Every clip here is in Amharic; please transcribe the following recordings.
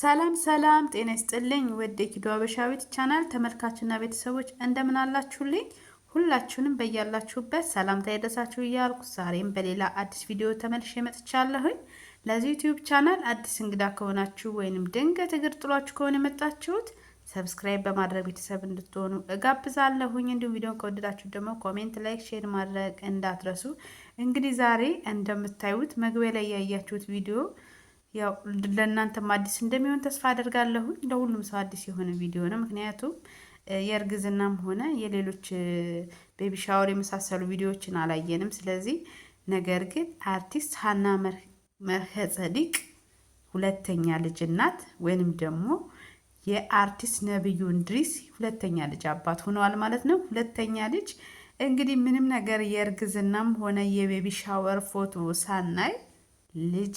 ሰላም ሰላም፣ ጤና ይስጥልኝ ወደ የኪዱ አበሻዊት ቻናል ተመልካችና ቤተሰቦች እንደምን አላችሁልኝ? ሁላችሁንም በያላችሁበት ሰላምታ ይድረሳችሁ እያልኩ ዛሬም በሌላ አዲስ ቪዲዮ ተመልሼ መጥቻለሁኝ። ለዚህ ዩቲዩብ ቻናል አዲስ እንግዳ ከሆናችሁ ወይንም ድንገት እግር ጥሏችሁ ከሆነ የመጣችሁት ሰብስክራይብ በማድረግ ቤተሰብ እንድትሆኑ እጋብዛለሁኝ። እንዲሁም ቪዲዮን ከወደዳችሁ ደግሞ ኮሜንት፣ ላይክ፣ ሼር ማድረግ እንዳትረሱ። እንግዲህ ዛሬ እንደምታዩት መግቢያ ላይ ያያችሁት ቪዲዮ ያው ለእናንተም አዲስ እንደሚሆን ተስፋ አደርጋለሁ። ለሁሉም ሰው አዲስ የሆነ ቪዲዮ ነው። ምክንያቱም የእርግዝናም ሆነ የሌሎች ቤቢ ሻወር የመሳሰሉ ቪዲዮዎችን አላየንም። ስለዚህ ነገር ግን አርቲስት ሀና መርሐ ጸዲቅ ሁለተኛ ልጅ እናት ወይንም ደግሞ የአርቲስት ነብዩ እንድሪስ ሁለተኛ ልጅ አባት ሆነዋል ማለት ነው። ሁለተኛ ልጅ እንግዲህ ምንም ነገር የእርግዝናም ሆነ የቤቢ ሻወር ፎቶ ሳናይ ልጅ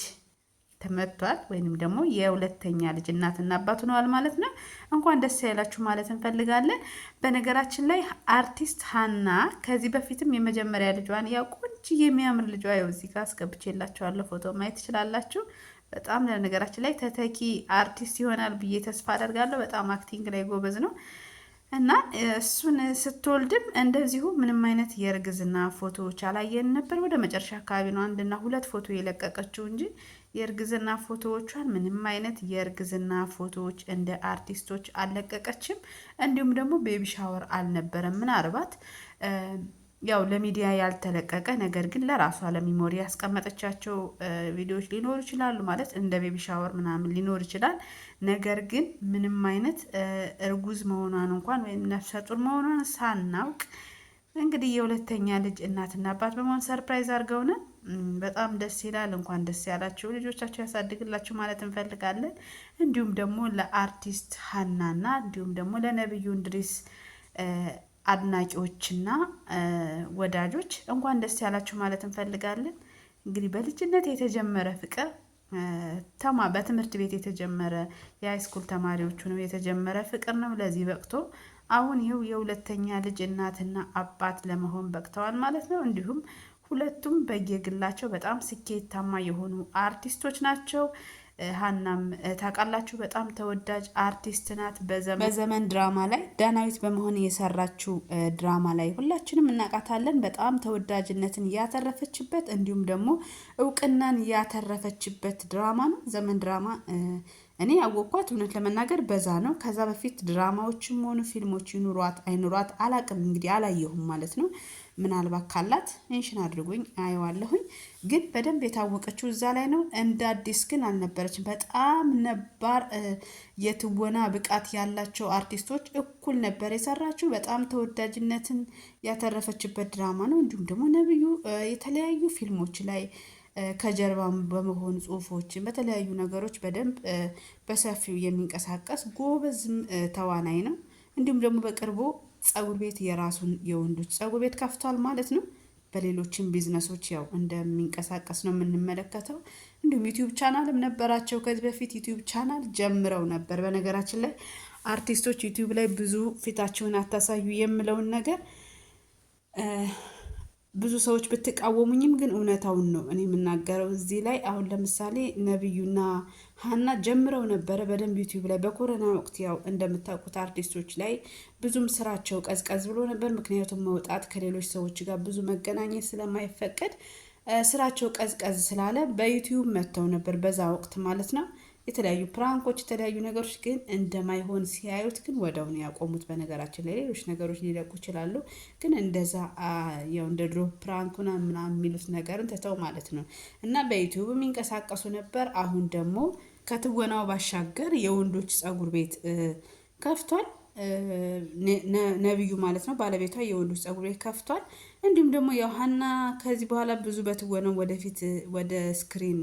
ተመቷል ወይንም ደግሞ የሁለተኛ ልጅ እናትና አባት ሆነዋል ማለት ነው። እንኳን ደስ ያላችሁ ማለት እንፈልጋለን። በነገራችን ላይ አርቲስት ሀና ከዚህ በፊትም የመጀመሪያ ልጇን ያው ቆንጆ የሚያምር ልጇ ያው እዚህ ጋር አስገብቼላችኋለሁ ፎቶ ማየት ትችላላችሁ። በጣም ለነገራችን ላይ ተተኪ አርቲስት ይሆናል ብዬ ተስፋ አደርጋለሁ። በጣም አክቲንግ ላይ ጎበዝ ነው እና እሱን ስትወልድም እንደዚሁ ምንም አይነት የእርግዝና ፎቶዎች አላየን ነበር። ወደ መጨረሻ አካባቢ ነው አንድና ሁለት ፎቶ የለቀቀችው እንጂ የእርግዝና ፎቶዎቿን ምንም አይነት የእርግዝና ፎቶዎች እንደ አርቲስቶች አልለቀቀችም። እንዲሁም ደግሞ ቤቢ ሻወር አልነበረም። ምናልባት ያው ለሚዲያ ያልተለቀቀ ነገር ግን ለራሷ ለሚሞሪ ያስቀመጠቻቸው ቪዲዮዎች ሊኖሩ ይችላሉ። ማለት እንደ ቤቢ ሻወር ምናምን ሊኖር ይችላል። ነገር ግን ምንም አይነት እርጉዝ መሆኗን እንኳን ወይም ነፍሰ ጡር መሆኗን ሳናውቅ እንግዲህ የሁለተኛ ልጅ እናትና አባት በመሆን ሰርፕራይዝ አድርገውናል። በጣም ደስ ይላል። እንኳን ደስ ያላችሁ፣ ልጆቻችሁ ያሳድግላችሁ ማለት እንፈልጋለን። እንዲሁም ደግሞ ለአርቲስት ሀናና እንዲሁም ደግሞ ለነብዩ እንድሪስ አድናቂዎችና ወዳጆች እንኳን ደስ ያላችሁ ማለት እንፈልጋለን። እንግዲህ በልጅነት የተጀመረ ፍቅር ተማ በትምህርት ቤት የተጀመረ የሃይስኩል ተማሪዎቹ ነው የተጀመረ ፍቅር ነው። ለዚህ በቅቶ አሁን ይኸው የሁለተኛ ልጅ እናትና አባት ለመሆን በቅተዋል ማለት ነው። እንዲሁም ሁለቱም በየግላቸው በጣም ስኬታማ የሆኑ አርቲስቶች ናቸው። ሀናም ታውቃላችሁ በጣም ተወዳጅ አርቲስት ናት። በዘመን ድራማ ላይ ዳናዊት በመሆን የሰራችው ድራማ ላይ ሁላችንም እናውቃታለን። በጣም ተወዳጅነትን ያተረፈችበት እንዲሁም ደግሞ እውቅናን ያተረፈችበት ድራማ ነው ዘመን ድራማ። እኔ ያወቅኳት እውነት ለመናገር በዛ ነው። ከዛ በፊት ድራማዎችም ሆኑ ፊልሞች ይኑሯት አይኑሯት አላቅም፣ እንግዲህ አላየሁም ማለት ነው ምናልባት ካላት ሜንሽን አድርጉኝ አየዋለሁኝ። ግን በደንብ የታወቀችው እዛ ላይ ነው። እንደ አዲስ ግን አልነበረችም። በጣም ነባር የትወና ብቃት ያላቸው አርቲስቶች እኩል ነበር የሰራችው። በጣም ተወዳጅነትን ያተረፈችበት ድራማ ነው። እንዲሁም ደግሞ ነብዩ የተለያዩ ፊልሞች ላይ ከጀርባም በመሆን ጽሁፎችን በተለያዩ ነገሮች በደንብ በሰፊው የሚንቀሳቀስ ጎበዝም ተዋናይ ነው። እንዲሁም ደግሞ በቅርቡ ጸጉር ቤት የራሱን የወንዶች ጸጉር ቤት ከፍቷል ማለት ነው። በሌሎችም ቢዝነሶች ያው እንደሚንቀሳቀስ ነው የምንመለከተው። እንዲሁም ዩቲዩብ ቻናልም ነበራቸው ከዚህ በፊት ዩቲዩብ ቻናል ጀምረው ነበር። በነገራችን ላይ አርቲስቶች ዩቲዩብ ላይ ብዙ ፊታችሁን አታሳዩ የምለውን ነገር ብዙ ሰዎች ብትቃወሙኝም ግን እውነታውን ነው እኔ የምናገረው። እዚህ ላይ አሁን ለምሳሌ ነብዩና ሀና ጀምረው ነበረ በደንብ ዩቲዩብ ላይ በኮረና ወቅት ያው እንደምታውቁት አርቲስቶች ላይ ብዙም ስራቸው ቀዝቀዝ ብሎ ነበር። ምክንያቱም መውጣት ከሌሎች ሰዎች ጋር ብዙ መገናኘት ስለማይፈቀድ ስራቸው ቀዝቀዝ ስላለ በዩቲዩብ መጥተው ነበር በዛ ወቅት ማለት ነው። የተለያዩ ፕራንኮች፣ የተለያዩ ነገሮች ግን እንደማይሆን ሲያዩት ግን ወደውን ያቆሙት። በነገራችን ላይ ሌሎች ነገሮች ሊለቁ ይችላሉ። ግን እንደዛ ያው እንደ ድሮ ፕራንኩና ምናምን የሚሉት ነገርን ትተው ማለት ነው እና በዩቲዩብ የሚንቀሳቀሱ ነበር። አሁን ደግሞ ከትወናው ባሻገር የወንዶች ጸጉር ቤት ከፍቷል። ነቢዩ ማለት ነው ባለቤቷ የወንዶች ፀጉር ቤት ከፍቷል። እንዲሁም ደግሞ ያው ከዚህ በኋላ ብዙ በትወነው ወደፊት ወደ ስክሪን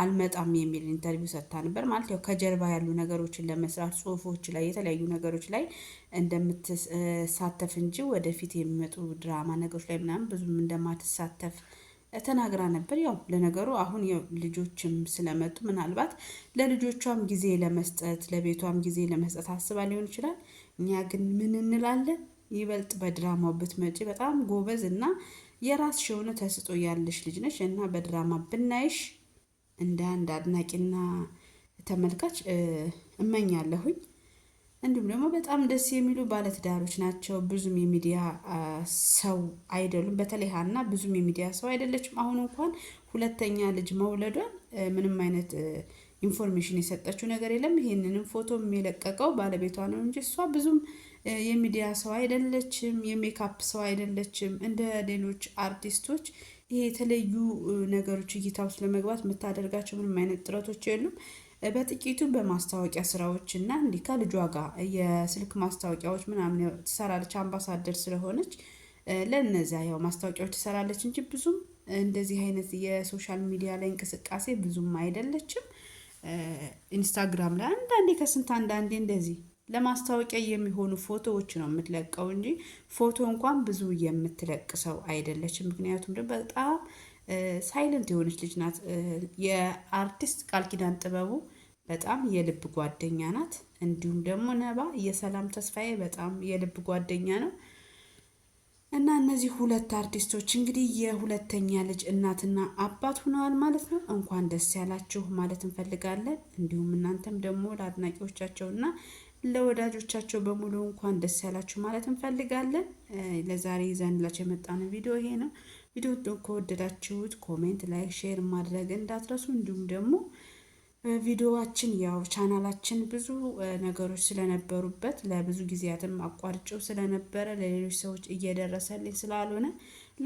አልመጣም የሚል ኢንተርቪው ሰጥታ ነበር። ማለት ያው ከጀርባ ያሉ ነገሮችን ለመስራት ጽሁፎች ላይ የተለያዩ ነገሮች ላይ እንደምትሳተፍ እንጂ ወደፊት የሚመጡ ድራማ ነገሮች ላይ ምናምን ብዙም እንደማትሳተፍ ተናግራ ነበር። ያው ለነገሩ አሁን ልጆችም ስለመጡ ምናልባት ለልጆቿም ጊዜ ለመስጠት ለቤቷም ጊዜ ለመስጠት አስባ ሊሆን ይችላል። እኛ ግን ምን እንላለን? ይበልጥ በድራማው ብትመጪ በጣም ጎበዝ እና የራስሽ የሆነ ተስጦ ያለሽ ልጅ ነሽ እና በድራማ ብናይሽ እንደ አንድ አድናቂና ተመልካች እመኛለሁኝ። እንዲሁም ደግሞ በጣም ደስ የሚሉ ባለትዳሮች ናቸው። ብዙም የሚዲያ ሰው አይደሉም። በተለይ ሀና ብዙም የሚዲያ ሰው አይደለችም። አሁን እንኳን ሁለተኛ ልጅ መውለዷን ምንም አይነት ኢንፎርሜሽን የሰጠችው ነገር የለም። ይህንንም ፎቶ የለቀቀው ባለቤቷ ነው እንጂ እሷ ብዙም የሚዲያ ሰው አይደለችም። የሜካፕ ሰው አይደለችም። እንደ ሌሎች አርቲስቶች ይሄ የተለዩ ነገሮች እይታ ውስጥ ለመግባት የምታደርጋቸው ምንም አይነት ጥረቶች የሉም። በጥቂቱ በማስታወቂያ ስራዎች እና እንዲህ ከልጇ ጋር የስልክ ማስታወቂያዎች ምናምን ትሰራለች። አምባሳደር ስለሆነች ለነዚያ ያው ማስታወቂያዎች ትሰራለች እንጂ ብዙም እንደዚህ አይነት የሶሻል ሚዲያ ላይ እንቅስቃሴ ብዙም አይደለችም። ኢንስታግራም ላይ አንዳንዴ ከስንት አንዳንዴ እንደዚህ ለማስታወቂያ የሚሆኑ ፎቶዎች ነው የምትለቀው እንጂ ፎቶ እንኳን ብዙ የምትለቅ ሰው አይደለችም። ምክንያቱም ደግሞ በጣም ሳይለንት የሆነች ልጅ ናት። የአርቲስት ቃል ኪዳን ጥበቡ በጣም የልብ ጓደኛ ናት። እንዲሁም ደግሞ ነባ የሰላም ተስፋዬ በጣም የልብ ጓደኛ ነው። እና እነዚህ ሁለት አርቲስቶች እንግዲህ የሁለተኛ ልጅ እናትና አባት ሆነዋል ማለት ነው። እንኳን ደስ ያላችሁ ማለት እንፈልጋለን። እንዲሁም እናንተም ደግሞ ለአድናቂዎቻቸውና ለወዳጆቻቸው በሙሉ እንኳን ደስ ያላችሁ ማለት እንፈልጋለን። ለዛሬ ይዘንላችሁ የመጣነው ቪዲዮ ይሄ ነው። ቪዲዮ ከወደዳችሁት ኮሜንት፣ ላይክ፣ ሼር ማድረግ እንዳትረሱ። እንዲሁም ደግሞ ቪዲዮዋችን ያው ቻናላችን ብዙ ነገሮች ስለነበሩበት ለብዙ ጊዜያትም አቋርጬው ስለነበረ ለሌሎች ሰዎች እየደረሰልኝ ስላልሆነ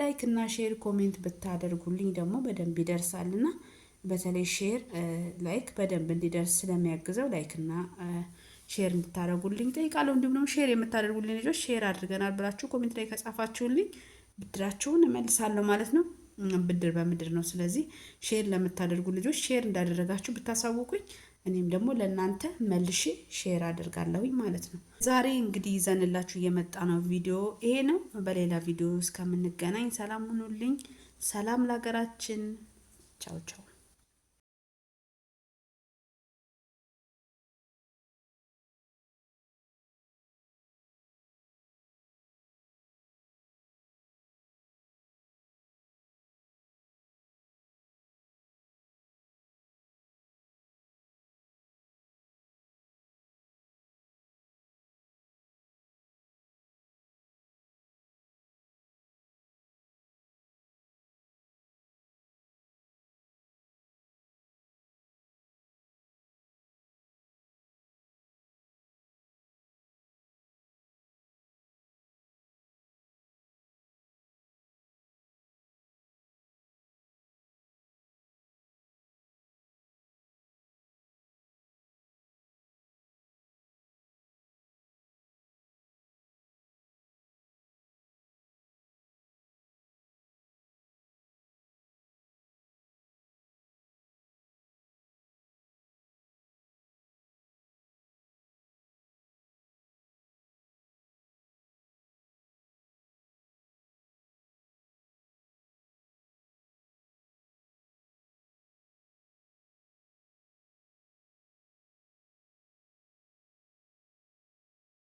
ላይክ እና ሼር ኮሜንት ብታደርጉልኝ ደግሞ በደንብ ይደርሳልና በተለይ ሼር ላይክ በደንብ እንዲደርስ ስለሚያግዘው ላይክ እና ሼር እንድታደረጉልኝ ጠይቃለሁ። እንዲሁም ደግሞ ሼር የምታደርጉልኝ ልጆች ሼር አድርገናል ብላችሁ ኮሜንት ላይ ከጻፋችሁልኝ ብድራችሁን እመልሳለሁ ማለት ነው። ብድር በምድር ነው። ስለዚህ ሼር ለምታደርጉ ልጆች ሼር እንዳደረጋችሁ ብታሳውቁኝ እኔም ደግሞ ለእናንተ መልሼ ሼር አድርጋለሁኝ ማለት ነው። ዛሬ እንግዲህ ይዘንላችሁ የመጣ ነው ቪዲዮ ይሄ ነው። በሌላ ቪዲዮ እስከምንገናኝ ሰላም ሁኑልኝ። ሰላም ለሀገራችን። ቻው ቻው።